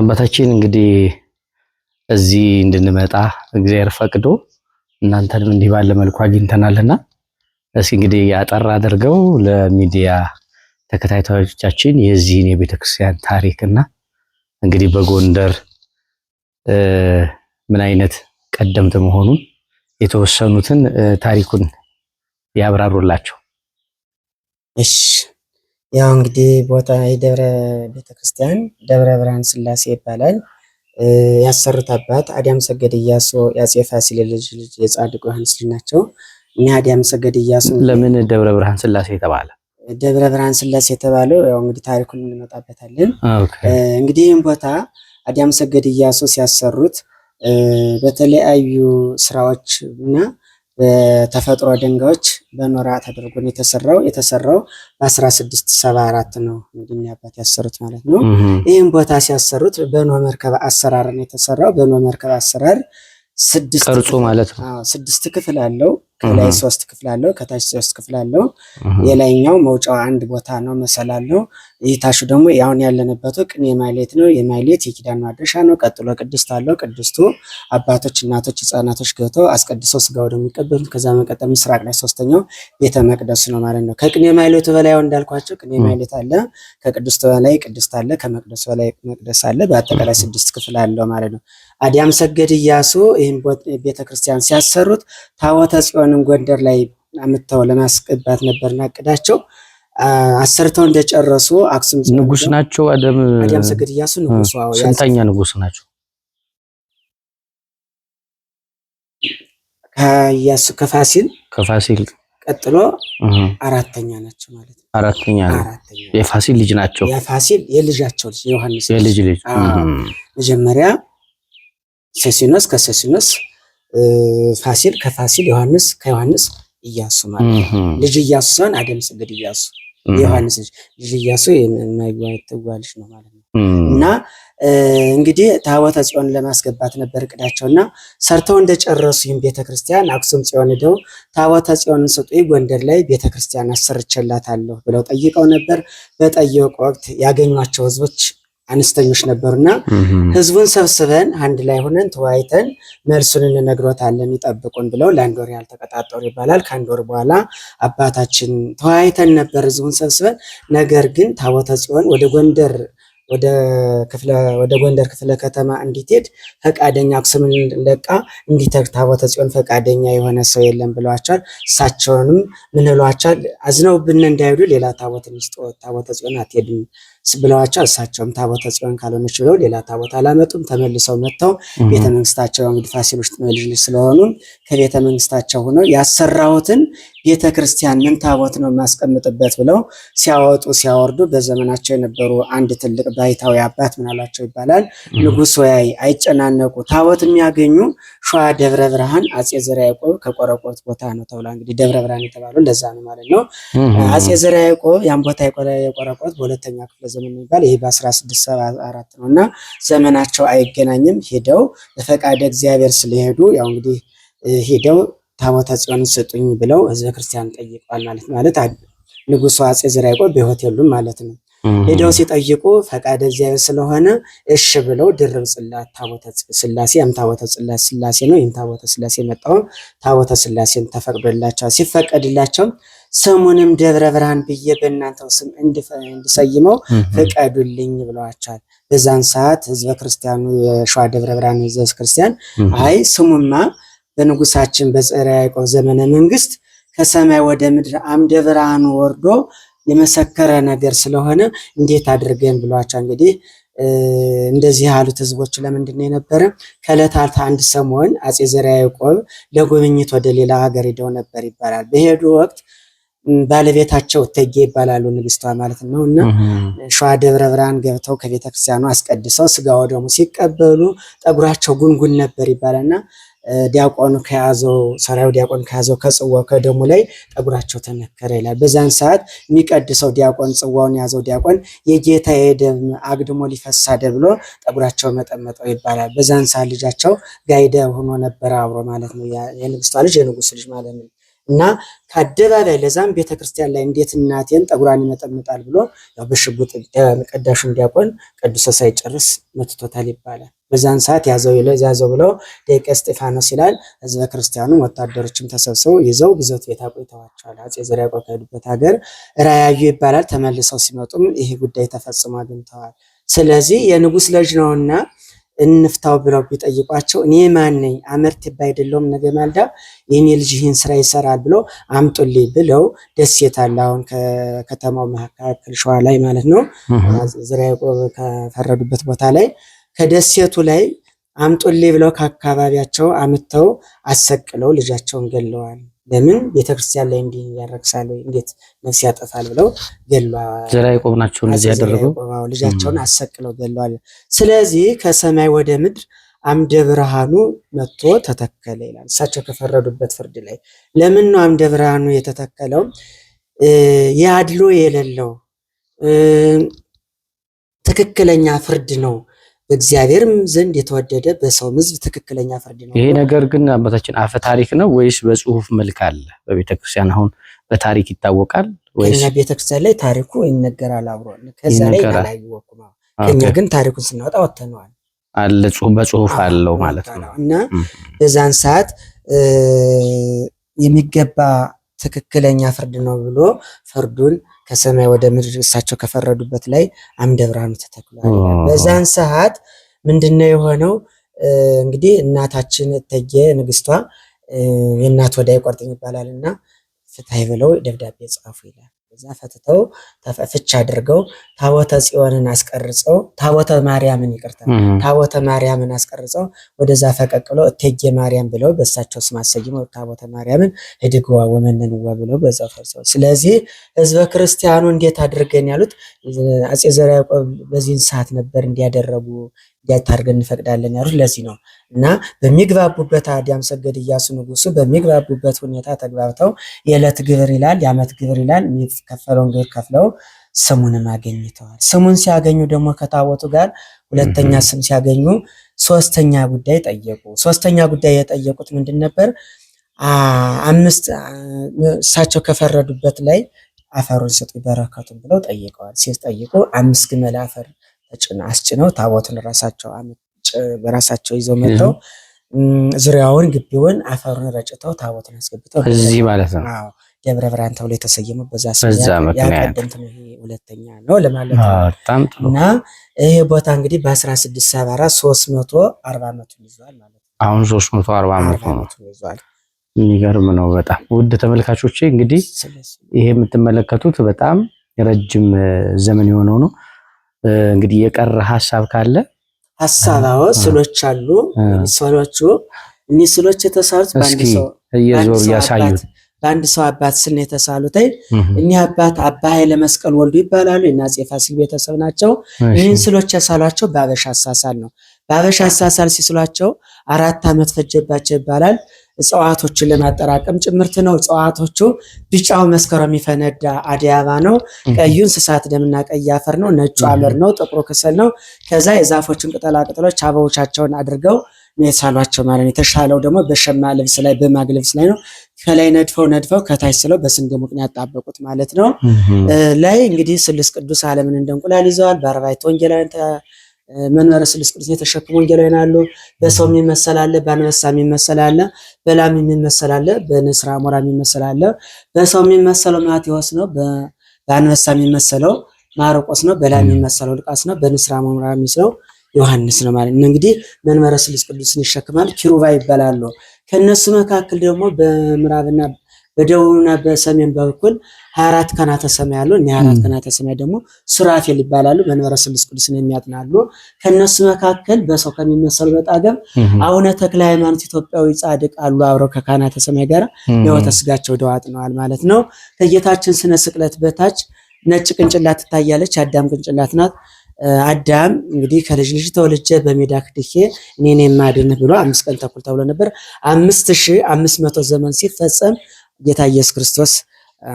አባታችን እንግዲህ እዚህ እንድንመጣ እግዚአብሔር ፈቅዶ እናንተንም እንዲህ ባለ መልኩ አግኝተናልና እስኪ እንግዲህ ያጠር አድርገው ለሚዲያ ተከታታዮቻችን የዚህን የቤተክርስቲያን ታሪክና እንግዲህ በጎንደር ምን አይነት ቀደምት መሆኑን የተወሰኑትን ታሪኩን ያብራሩላቸው። እሺ ያው እንግዲህ ቦታ የደብረ ቤተክርስቲያን ደብረ ብርሃን ስላሴ ይባላል። ያሰሩት አባት አዲያም ሰገድ እያሶ የአጼ ፋሲል ልጅ ልጅ የጻድቁ ዮሐንስ ልጅ ናቸው እኒህ አዲያም ሰገድ እያሶ ለምን ደብረ ብርሃን ስላሴ የተባለ ደብረ ብርሃን ስላሴ የተባለው ያው እንግዲህ ታሪኩን እንመጣበታለን። እንግዲህ ይህም ቦታ አዲያም ሰገድ እያሶ ሲያሰሩት በተለያዩ ስራዎች እና በተፈጥሮ ድንጋዮች በኖራ ተደርጎ ነው የተሰራው። የተሰራው በ1674 ነው እንግዲህ አባት ያሰሩት ማለት ነው። ይህም ቦታ ሲያሰሩት በኖ መርከብ አሰራር ነው የተሰራው። በኖ መርከብ አሰራር ስድስት ማለት ነው ስድስት ክፍል አለው። ከላይ ሶስት ክፍል አለው፣ ከታች ሶስት ክፍል አለው። የላይኛው መውጫው አንድ ቦታ ነው መሰል አለው። ይታሹ ደግሞ አሁን ያለንበት ቅን የማይሌት ነው። የማይሌት የኪዳን ማድረሻ ነው። ቀጥሎ ቅድስት አለው። ቅድስቱ አባቶች፣ እናቶች፣ ህጻናቶች ገብተው አስቀድሰው ስጋ ወደ የሚቀበሉት ከዛ መቀጠል ምስራቅ ላይ ሶስተኛው ቤተ መቅደሱ ነው ማለት ነው። ከቅን የማይሌቱ በላይ እንዳልኳቸው ቅን የማይሌት አለ፣ ከቅድስቱ በላይ ቅድስት አለ፣ ከመቅደሱ በላይ መቅደስ አለ። በአጠቃላይ ስድስት ክፍል አለው ማለት ነው። አዲያም ሰገድ እያሱ ይህም ቤተክርስቲያን ሲያሰሩት ታቦተ ጽዮን አሁንም ጎንደር ላይ አምተው ለማስገባት ነበርና እቅዳቸው አሰርተው እንደጨረሱ አክሱም ንጉስ ናቸው። አደም አደም ሰገድ እያሱ ንጉስ ዋው ስንተኛ ንጉስ ናቸው? ከእያሱ ከፋሲል ከፋሲል ቀጥሎ አራተኛ ናቸው ማለት ነው። አራተኛ ነው። የፋሲል ልጅ ናቸው። የፋሲል የልጃቸው ልጅ የዮሐንስ የልጅ ልጅ መጀመሪያ ሴሲኖስ ከሴሲኖስ ፋሲል ከፋሲል ዮሐንስ ከዮሐንስ እያሱ ማለት ልጅ እያሱ ሳይሆን አደምስ እንግዲህ እያሱ የዮሐንስ ልጅ ልጅ ኢያሱ የማይዋይትዋልሽ ነው ማለት ነው። እና እንግዲህ ታቦተ ጽዮን ለማስገባት ነበር እቅዳቸው እና ሰርተው እንደጨረሱ ይህም ቤተክርስቲያን አክሱም ጽዮን ደው ታቦተ ጽዮንን ስጡ ጎንደር ላይ ቤተክርስቲያን አሰርቼላታለሁ ብለው ጠይቀው ነበር። በጠየቁ ወቅት ያገኟቸው ህዝቦች አነስተኞች ነበሩና ህዝቡን ሰብስበን አንድ ላይ ሆነን ተወያይተን መልሱን እንነግሮታለን ይጠብቁን ብለው ለአንድ ወር ያልተቀጣጠሩ ይባላል። ከአንድ ወር በኋላ አባታችን ተወያይተን ነበር ህዝቡን ሰብስበን። ነገር ግን ታቦተ ጽዮን ወደ ጎንደር ወደ ጎንደር ክፍለ ከተማ እንዲትሄድ ፈቃደኛ አክሱምን ለቃ እንዲተግ ታቦተ ጽዮን ፈቃደኛ የሆነ ሰው የለም ብለዋቸዋል። እሳቸውንም ምን አዝነው ብን እንዳይሄዱ ሌላ ታቦት ስጥ ታቦተ ጽዮን አትሄድም ብለዋቸው እሳቸውም ታቦተ ጽዮን ካልሆነች ብለው ሌላ ታቦት አላመጡም። ተመልሰው መጥተው ቤተ ቤተመንግስታቸው እንግዲህ ፋሲሎች ልጅ ስለሆኑ መንግስታቸው ሆነው ያሰራሁትን ቤተ ክርስቲያን ምን ታቦት ነው የማስቀምጥበት ብለው ሲያወጡ ሲያወርዱ በዘመናቸው የነበሩ አንድ ትልቅ ባይታዊ አባት ምናሏቸው ይባላል። ንጉሥ ወያይ አይጨናነቁ ታቦት የሚያገኙ ሸዋ ደብረ ብርሃን አጼ ዘርዓ ያዕቆብ ከቆረቆርት ቦታ ነው ተብላ እንግዲህ ደብረ ብርሃን የተባለው ለዛ ነው ማለት ነው። አጼ ዘርዓ ያዕቆብ ያን ቦታ የቆረቆት በሁለተኛ ክፍለ ዘመን የሚባል ይሄ በ1674 ነው እና ዘመናቸው አይገናኝም። ሄደው በፈቃደ እግዚአብሔር ስለሄዱ ያው እንግዲህ ሄደው ታቦተ ጽዮን ስጡኝ ብለው ህዝበ ክርስቲያን ጠይቋል ማለት ማለት ንጉሱ አጼ ዘርዓ ያዕቆብ በሆቴሉም ማለት ነው። ሄደው ሲጠይቁ ፈቃደ እግዚአብሔር ስለሆነ እሽ ብለው ድርብ ጽላት ታቦተ ስላሴ ያም ታቦተ ጽላት ስላሴ ነው። ይህም ታቦተ ስላሴ መጣውም ታቦተ ስላሴን ተፈቅዶላቸዋል። ሲፈቀድላቸው ስሙንም ደብረ ብርሃን ብዬ በእናንተው ስም እንድሰይመው ፍቀዱልኝ ብለዋቸዋል። በዛን ሰዓት ህዝበ ክርስቲያኑ የሸዋ ደብረ ብርሃን ህዝበ ክርስቲያን አይ ስሙማ በንጉሳችን በጽረ ያዕቆብ ዘመነ መንግስት ከሰማይ ወደ ምድር አምደ ብርሃኑ ወርዶ የመሰከረ ነገር ስለሆነ እንዴት አድርገን ብሏቸዋል። እንግዲህ እንደዚህ ያሉት ህዝቦች ለምንድን ነው የነበረ? ከዕለታት አንድ ሰሞን አጼ ዘርዓ ያዕቆብ ለጉብኝት ወደ ሌላ ሀገር ሄደው ነበር ይባላል። በሄዱ ወቅት ባለቤታቸው እቴጌ ይባላሉ ንግስቷ ማለት ነው። እና ሸዋ ደብረ ብርሃን ገብተው ከቤተ ክርስቲያኑ አስቀድሰው ስጋ ወደሙ ሲቀበሉ ጠጉራቸው ጉንጉን ነበር ይባላልና ዲያቆኑ ከያዘው ሰራዊ ዲያቆን ከያዘው ከጽዋው ከደሙ ላይ ጠጉራቸው ተነከረ ይላል። በዛን ሰዓት የሚቀድሰው ዲያቆን ጽዋውን ያዘው ዲያቆን የጌታ የደም አግድሞ ሊፈሳደ ብሎ ጠጉራቸው መጠመጠው ይባላል። በዛን ሰዓት ልጃቸው ጋይደ ሆኖ ነበረ አብሮ ማለት ነው። የንግስቷ ልጅ የንጉስ ልጅ ማለት ነው። እና ከአደባባይ ለዛም ቤተክርስቲያን ላይ እንዴት እናቴን ጠጉሯን ይመጠምጣል ብሎ ያው በሽጉጥ ቀዳሹን ዲያቆን ቅዱሰ ሳይጨርስ መትቶታል ይባላል። በዛን ሰዓት ያዘው ያዘው ብለው ደቂቀ እስጢፋኖስ ይላል። ህዝበ ክርስቲያኑ ወታደሮችም ተሰብስበው ይዘው ግዞት ቤት አቆይተዋቸዋል። አጼ ዘርዓ ያዕቆብ ከሄዱበት ሀገር ራያዩ ይባላል። ተመልሰው ሲመጡም ይሄ ጉዳይ ተፈጽሞ አግኝተዋል። ስለዚህ የንጉስ ልጅ ነውና እንፍታው ብለው ቢጠይቋቸው እኔ ማን ነኝ አመርትብ አይደለሁም ነገ ማልዳ የኔ ይህን ስራ ይሰራል ብሎ አምጡልኝ ብለው ደሴት የታለ አሁን ከከተማው መካከል ሸዋ ላይ ማለት ነው ዝራ ከፈረዱበት ቦታ ላይ ከደሴቱ ላይ አምጡልኝ ብለው ከአካባቢያቸው አምተው አሰቅለው ልጃቸውን ገለዋል። ለምን ቤተክርስቲያን ላይ እንዲህ ያረክሳል እንዴት ነፍስ ያጠፋል ብለው ገሏል። ዘራ ያዕቆብ ናቸው እነዚህ ያደረጉ ልጃቸውን አሰቅለው ገሏል። ስለዚህ ከሰማይ ወደ ምድር አምደ ብርሃኑ መጥቶ ተተከለ ይላል። እሳቸው ከፈረዱበት ፍርድ ላይ ለምን ነው አምደ ብርሃኑ የተተከለው? የአድሎ የሌለው ትክክለኛ ፍርድ ነው በእግዚአብሔርም ዘንድ የተወደደ በሰው ሕዝብ ትክክለኛ ፍርድ ነው። ይሄ ነገር ግን አባታችን አፈ ታሪክ ነው ወይስ በጽሁፍ መልክ አለ? በቤተክርስቲያን አሁን በታሪክ ይታወቃል ወይስ ቤተክርስቲያን ላይ ታሪኩ ይነገራል አብሮ ከዛ ላይ አላየወኩም። ከኛ ግን ታሪኩን ስናወጣ ወተነዋል አለ በጽሁፍ አለው ማለት ነው። እና በዛን ሰዓት የሚገባ ትክክለኛ ፍርድ ነው ብሎ ፍርዱን ከሰማይ ወደ ምድር እሳቸው ከፈረዱበት ላይ አምደ ብርሃኑ ተተክሏል። በዛን ሰዓት ምንድነው የሆነው? እንግዲህ እናታችን እቴጌ ንግስቷ የእናት ወዳይ ቆርጥ ይባላል እና ፍትሐይ ብለው ደብዳቤ ጻፉ ይላል። እዛ ፈትተው ፍች አድርገው ታቦተ ጽዮንን አስቀርጸው ታቦተ ማርያምን ይቅርታ ታቦተ ማርያምን አስቀርጸው ወደዛ ፈቀቅሎ እቴጌ ማርያም ብለው በሳቸው ስም አሰይመው ታቦተ ማርያምን እድግዋ ወመነንዋ ብለው በዛ ፈርሰው። ስለዚህ ህዝበ ክርስቲያኑ እንዴት አድርገን ያሉት አጼ ዘርዓ ያዕቆብ በዚህን ሰዓት ነበር እንዲያደረጉ እንዲያታርገን እንፈቅዳለን ያሉት ለዚህ ነው እና በሚግባቡበት አዲያም ሰገድ እያሱ ንጉሱ በሚግባቡበት ሁኔታ ተግባብተው የዕለት ግብር ይላል፣ የዓመት ግብር ይላል የሚከፈለውን ግብር ከፍለው ስሙንም አገኝተዋል። ስሙን ሲያገኙ ደግሞ ከታቦቱ ጋር ሁለተኛ ስም ሲያገኙ ሶስተኛ ጉዳይ ጠየቁ። ሶስተኛ ጉዳይ የጠየቁት ምንድን ነበር? አምስት እሳቸው ከፈረዱበት ላይ አፈሩን ስጡ በረከቱን ብለው ጠይቀዋል። ሲጠይቁ አምስት ግመል አፈር አስጭነው ታቦትን ራሳቸው በራሳቸው ይዘው መጥተው ዙሪያውን ግቢውን አፈሩን ረጭተው ታቦትን አስገብተው እዚህ ማለት ነው። አዎ ደብረ ብርሃን ተብሎ የተሰየመው በዛ ያቀደምት ነው። ይሄ ሁለተኛ ነው ለማለት ነው። እና ይሄ ቦታ እንግዲህ በአስራ ስድስት ሰባ አራት ሶስት መቶ አርባ ዓመቱን ይዟል ማለት ነው። አሁን ሶስት መቶ አርባ ዓመቱ ነው ይዟል። የሚገርም ነው በጣም ውድ ተመልካቾቼ እንግዲህ ይሄ የምትመለከቱት በጣም ረጅም ዘመን የሆነው ነው። እንግዲህ የቀረ ሀሳብ ካለ ሀሳብ አዎ፣ ስሎች አሉ። ስሎቹ እኒህ ስሎች የተሳሉት በአንድ ሰው እየዞሩ ያሳዩት በአንድ ሰው አባት ስል ነው የተሳሉት። እኒህ አባት አባ ኃይለ መስቀል ወልዱ ይባላሉ። የአፄ ፋሲል ቤተሰብ ናቸው። ይህን ስሎች የሳሏቸው በአበሻ አሳሳል ነው። በአበሻ አሳሳል ሲስሏቸው አራት ዓመት ፈጀባቸው ይባላል። እጽዋቶችን ለማጠራቀም ጭምርት ነው። እጽዋቶቹ ቢጫው መስከረም የሚፈነዳ አደይ አበባ ነው። ቀዩ እንስሳት ደምና ቀይ አፈር ነው። ነጩ አመር ነው። ጥቁሩ ከሰል ነው። ከዛ የዛፎችን ቅጠላቅጠሎች አበቦቻቸውን አድርገው የሳሏቸው ማለት ነው። የተሻለው ደግሞ በሸማ ልብስ ላይ በማግ ልብስ ላይ ነው። ከላይ ነድፈው ነድፈው ከታች ስለው በስንዴ ምክንያት ያጣበቁት ማለት ነው። ላይ እንግዲህ ስሉስ ቅዱስ ዓለምን እንደ እንቁላል ይዘዋል። በአርባዕቱ ወንጌላውያን መንበረ ስልስ ቅርጽ የተሸክሙ ወንጌላዊን አሉ። በሰው የሚመሰል አለ፣ በአንበሳ የሚመሰል አለ፣ በላም የሚመሰል አለ፣ በንስር አሞራ የሚመሰል አለ። በሰው የሚመሰለው ማቴዎስ ነው። በአንበሳ የሚመሰለው ማርቆስ ነው። በላም የሚመሰለው ልቃስ ነው። በንስር አሞራ የሚመስለው ዮሐንስ ነው ማለት ነው። እንግዲህ መንበረ ስልስ ቅዱስን ይሸክማል። ኪሩባ ይባላሉ። ከነሱ መካከል ደግሞ በምዕራብና በደቡብና በሰሜን በኩል ሀያ አራት ካህናተ ሰማይ አሉ። እኒህ አራት ካህናተ ሰማይ ደግሞ ሱራፌል ይባላሉ። መንበረ ስሉስ ቅዱስን የሚያጥናሉ። ከእነሱ መካከል በሰው ከሚመሰሉ በጣገብ አቡነ ተክለ ሃይማኖት ኢትዮጵያዊ ጻድቅ አሉ። አብረው ከካህናተ ሰማይ ጋር ሕይወተ ሥጋቸው ደው አጥነዋል ማለት ነው። ከጌታችን ስነ ስቅለት በታች ነጭ ቅንጭላት ትታያለች። አዳም ቅንጭላት ናት። አዳም እንግዲህ ከልጅ ልጅ ተወልጀ በሜዳ ክድኬ እኔን የማድንህ ብሎ አምስት ቀን ተኩል ተብሎ ነበር። አምስት ሺህ አምስት መቶ ዘመን ሲፈጸም ጌታ ኢየሱስ ክርስቶስ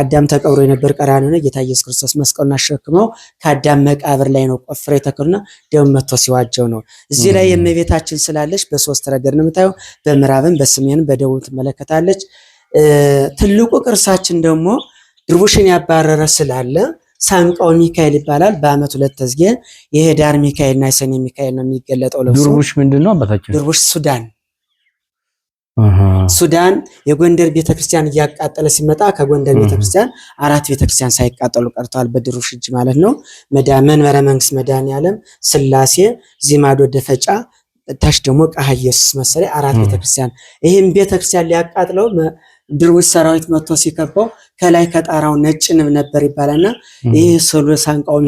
አዳም ተቀብሮ የነበር ቀራንዮ ጌታ ኢየሱስ ክርስቶስ መስቀሉን አሸክመው ከአዳም መቃብር ላይ ነው ቆፍረው የተከሉና ደም መጥቶ ሲዋጀው ነው። እዚህ ላይ የእመቤታችን ስላለች በሶስት ረገድ ነው የምታየው። በምዕራብም በሰሜንም በደቡብ ትመለከታለች። ትልቁ ቅርሳችን ደግሞ ድርቡሽን ያባረረ ስላለ ሳንቃው ሚካኤል ይባላል። በአመት ሁለት ተዝጌ የህዳር ሚካኤልና የሰኔ ሚካኤል ነው የሚገለጠው። ለሱ ድርቡሽ ምንድን ነው አባታችን? ድርቡሽ ሱዳን ሱዳን የጎንደር ቤተክርስቲያን እያቃጠለ ሲመጣ ከጎንደር ቤተክርስቲያን አራት ቤተክርስቲያን ሳይቃጠሉ ቀርተዋል። በድሩሽ እጅ ማለት ነው። መንበረ መንግስት መድኃኔዓለም፣ ስላሴ፣ ዚማዶ ደፈጫ፣ ታች ደግሞ ቃሀ ኢየሱስ መሰለ አራት ቤተክርስቲያን። ይህም ቤተክርስቲያን ሊያቃጥለው ድርውስ ሰራዊት መጥቶ ሲከባው ከላይ ከጣራው ነጭ ንብ ነበር ይባላልና ይህ ሶሎ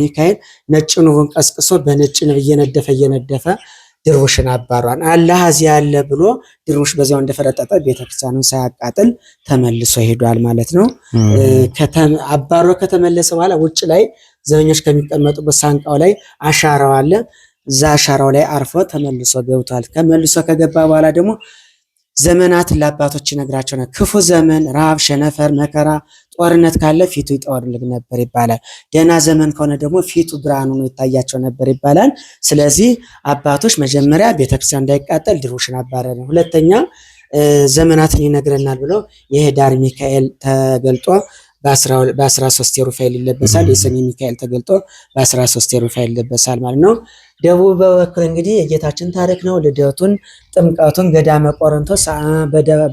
ሚካኤል ነጭ ንቡን ቀስቅሶ በነጭ ንብ እየነደፈ እየነደፈ ድርቡሽን አባሯን አላህ እዚህ ያለ ብሎ ድርቡሽ በዚያው እንደፈረጠጠ ቤተክርስቲያኑን ሳያቃጥል ተመልሶ ሄዷል ማለት ነው። አባሮ ከተመለሰ በኋላ ውጭ ላይ ዘበኞች ከሚቀመጡበት ሳንቃው ላይ አሻራው አለ። እዛ አሻራው ላይ አርፎ ተመልሶ ገብቷል። ተመልሶ ከገባ በኋላ ደግሞ ዘመናትን ለአባቶች ይነግራቸው ነበር። ክፉ ዘመን ረሃብ፣ ሸነፈር፣ መከራ፣ ጦርነት ካለ ፊቱ ይጠወልግ ነበር ይባላል። ደህና ዘመን ከሆነ ደግሞ ፊቱ ብርሃን ሆኖ ይታያቸው ነበር ይባላል። ስለዚህ አባቶች መጀመሪያ ቤተክርስቲያን እንዳይቃጠል ድሩሽን አባረረ፣ ሁለተኛ ዘመናትን ይነግረናል ብሎ የህዳር ሚካኤል ተገልጦ በ13 የሩፋኤል ይለበሳል። የሰሜን ሚካኤል ተገልጦ በ13 የሩፋኤል ይለበሳል ማለት ነው። ደቡብ በበኩል እንግዲህ የጌታችን ታሪክ ነው። ልደቱን፣ ጥምቀቱን፣ ገዳመ ቆሮንቶስ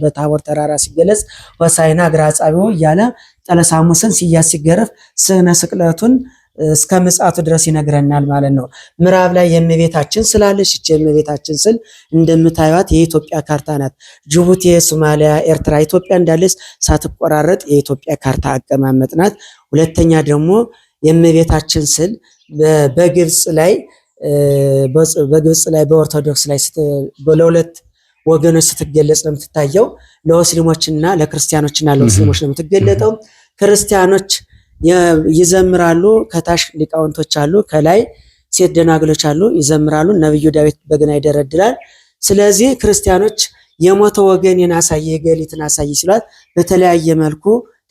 በታቦር ተራራ ሲገለጽ፣ ሆሳይና እግረ አጻብዕሁ እያለ ጠለሳሙስን ሲያዝ ሲገረፍ፣ ስነ ስቅለቱን እስከ ምጽአቱ ድረስ ይነግረናል ማለት ነው። ምዕራብ ላይ የእመቤታችን ስላለች እች የእመቤታችን ስል እንደምታዩት የኢትዮጵያ ካርታ ናት። ጅቡቲ፣ ሶማሊያ፣ ኤርትራ፣ ኢትዮጵያ እንዳለች ሳትቆራረጥ የኢትዮጵያ ካርታ አቀማመጥ ናት። ሁለተኛ ደግሞ የእመቤታችን ስል በግብጽ ላይ በግብጽ ላይ በኦርቶዶክስ ላይ ለሁለት ወገኖች ስትገለጽ ነው የምትታየው። ለሙስሊሞችና ለክርስቲያኖችና ለሙስሊሞች ነው የምትገለጠው ክርስቲያኖች ይዘምራሉ። ከታች ሊቃውንቶች አሉ፣ ከላይ ሴት ደናግሎች አሉ፣ ይዘምራሉ። ነብዩ ዳዊት በገና ይደረድራል። ስለዚህ ክርስቲያኖች የሞተ ወገኔን አሳይ ገሊት አሳይ ሲሏት በተለያየ መልኩ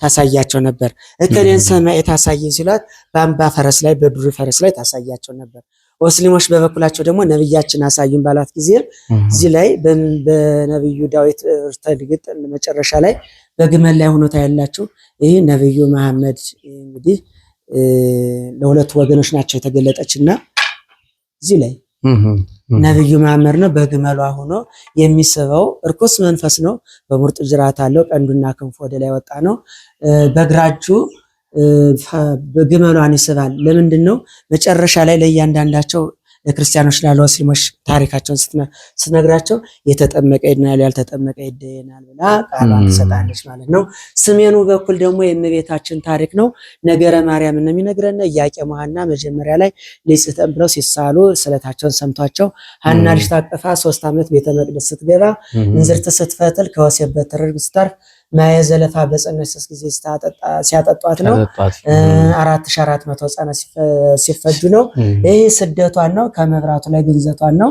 ታሳያቸው ነበር። እከሌን ሰማይ ታሳየ ሲሏት በአምባ ፈረስ ላይ በዱር ፈረስ ላይ ታሳያቸው ነበር። ሙስሊሞች በበኩላቸው ደግሞ ነብያችን አሳዩን ባሏት ጊዜ እዚህ ላይ በነብዩ ዳዊት ተግጥ መጨረሻ ላይ በግመል ላይ ሁኖታ ያላቸው ይህ ነብዩ መሐመድ እንግዲህ ለሁለቱ ወገኖች ናቸው የተገለጠች እና እዚህ ላይ ነብዩ መሐመድ ነው በግመሏ ሆኖ የሚስበው እርኩስ መንፈስ ነው። በሙርጥ ጅራት አለው። ቀንዱና ክንፍ ወደ ላይ ወጣ ነው። በግራ እጁ ግመሏን ይስባል። ለምንድን ነው መጨረሻ ላይ ለእያንዳንዳቸው ለክርስቲያኖች ላለ ሙስሊሞች ታሪካቸውን ስትነግራቸው የተጠመቀ ይድናል፣ ያልተጠመቀ ይደየናል ብላ ቃሏን ትሰጣለች ማለት ነው። ስሜኑ በኩል ደግሞ የእመቤታችን ታሪክ ነው። ነገረ ማርያም ነው የሚነግረን። እያቄ መሐና መጀመሪያ ላይ ሊጽተን ብለው ሲሳሉ ስለታቸውን ሰምቷቸው ሐና ልጅ ታቀፋ ሶስት ዓመት ቤተ መቅደስ ስትገባ እንዝርት ስትፈትል ከወሴበት በትር ስታርፍ ማየ ዘለፋ በጸነች ጊዜ ሲያጠጧት ነው። አራት ሺ አራት መቶ ህጻናት ሲፈጁ ነው። ይህ ስደቷን ነው። ከመብራቱ ላይ ግንዘቷን ነው።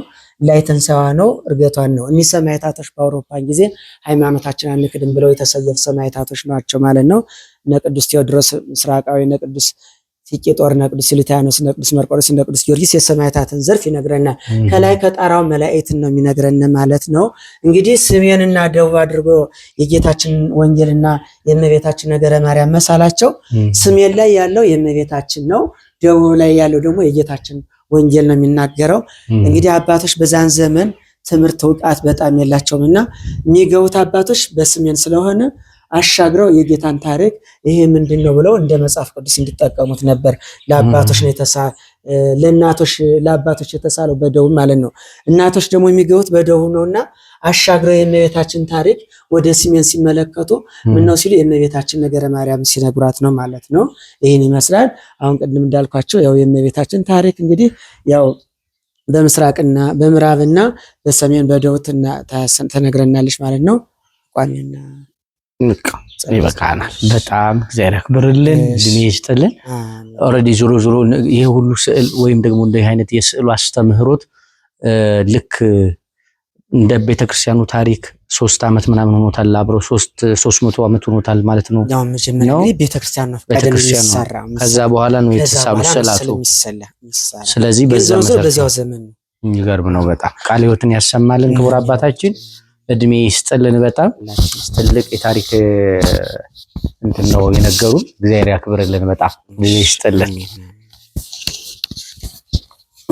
ላይ ትንሣኤዋ ነው። እርገቷን ነው። እኒህ ሰማዕታቶች በአውሮፓን ጊዜ ሃይማኖታችን አንክድም ብለው የተሰየፉ ሰማዕታቶች ናቸው ማለት ነው። እነ ቅዱስ ቴዎድሮስ ምስራቃዊ፣ እነ ቅዱስ ሲቄጦር ነቅዱስ ሊታኖስ ነቅዱስ መርቆሬዎስ ነቅዱስ ጊዮርጊስ የሰማዕታትን ዘርፍ ይነግረናል። ከላይ ከጣራው መላእክትን ነው የሚነግረን ማለት ነው። እንግዲህ ስሜንና ደቡብ አድርጎ የጌታችን ወንጌልና የእመቤታችን ነገረ ማርያም መሳላቸው ስሜን ላይ ያለው የእመቤታችን ነው፣ ደቡብ ላይ ያለው ደግሞ የጌታችን ወንጌል ነው የሚናገረው። እንግዲህ አባቶች በዛን ዘመን ትምህርት እውቀት በጣም የላቸውም እና የሚገቡት አባቶች በስሜን ስለሆነ አሻግረው የጌታን ታሪክ ይሄ ምንድን ነው ብለው እንደ መጽሐፍ ቅዱስ እንዲጠቀሙት ነበር። ለአባቶች ነው የተሳ ለእናቶች ለአባቶች የተሳለው በደቡብ ማለት ነው። እናቶች ደግሞ የሚገቡት በደቡብ ነውና አሻግረው የእመቤታችን ታሪክ ወደ ሲሜን ሲመለከቱ ምነው ሲሉ የእመቤታችን ነገረ ማርያም ሲነግሯት ነው ማለት ነው። ይህን ይመስላል። አሁን ቅድም እንዳልኳቸው ያው የእመቤታችን ታሪክ እንግዲህ ያው በምስራቅና በምዕራብና በሰሜን በደቡብ ተነግረናለች ማለት ነው ቋሚና ይበቃናል። በጣም እግዚአብሔር ያክብርልን፣ እድሜ ይስጥልን። ኦልሬዲ ዞሮ ዞሮ ይሄ ሁሉ ስዕል ወይም ደግሞ እንደ አይነት የስዕሉ አስተምህሮት ልክ እንደ ቤተክርስቲያኑ ታሪክ ሶስት ዓመት ምናምን ሆኖታል። አብረው ሶስት ሶስት መቶ ዓመት ሆኖታል ማለት ነው። ቤተክርስቲያን ነው ከዛ በኋላ ነው የተሳሉ ስላቱ። ስለዚህ በዛ መሰረት ይገርም ነው። በጣም ቃለ ሕይወትን ያሰማልን ክቡር አባታችን። እድሜ ይስጥልን። በጣም ትልቅ የታሪክ እንትን ነው የነገሩን። እግዚአብሔር ያክብርልን። በጣም እድሜ ይስጥልን።